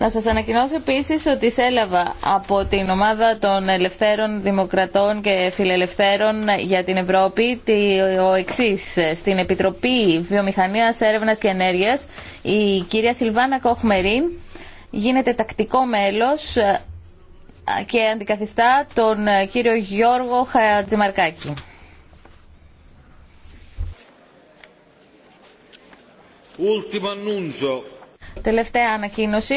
Να σας ανακοινώσω επίσης ότι σέλαβα από την ομάδα των Ελευθέρων Δημοκρατών και Φιλελευθέρων για την Ευρώπη ο εξή στην Επιτροπή Βιομηχανίας, Έρευνας και Ενέργειας η κυρία Σιλβάνα Κοχμερίν γίνεται τακτικό μέλος ε, και αντικαθιστά τον ε, κύριο Γιώργο Χατζημαρκάκη. Τελευταία ανακοίνωση.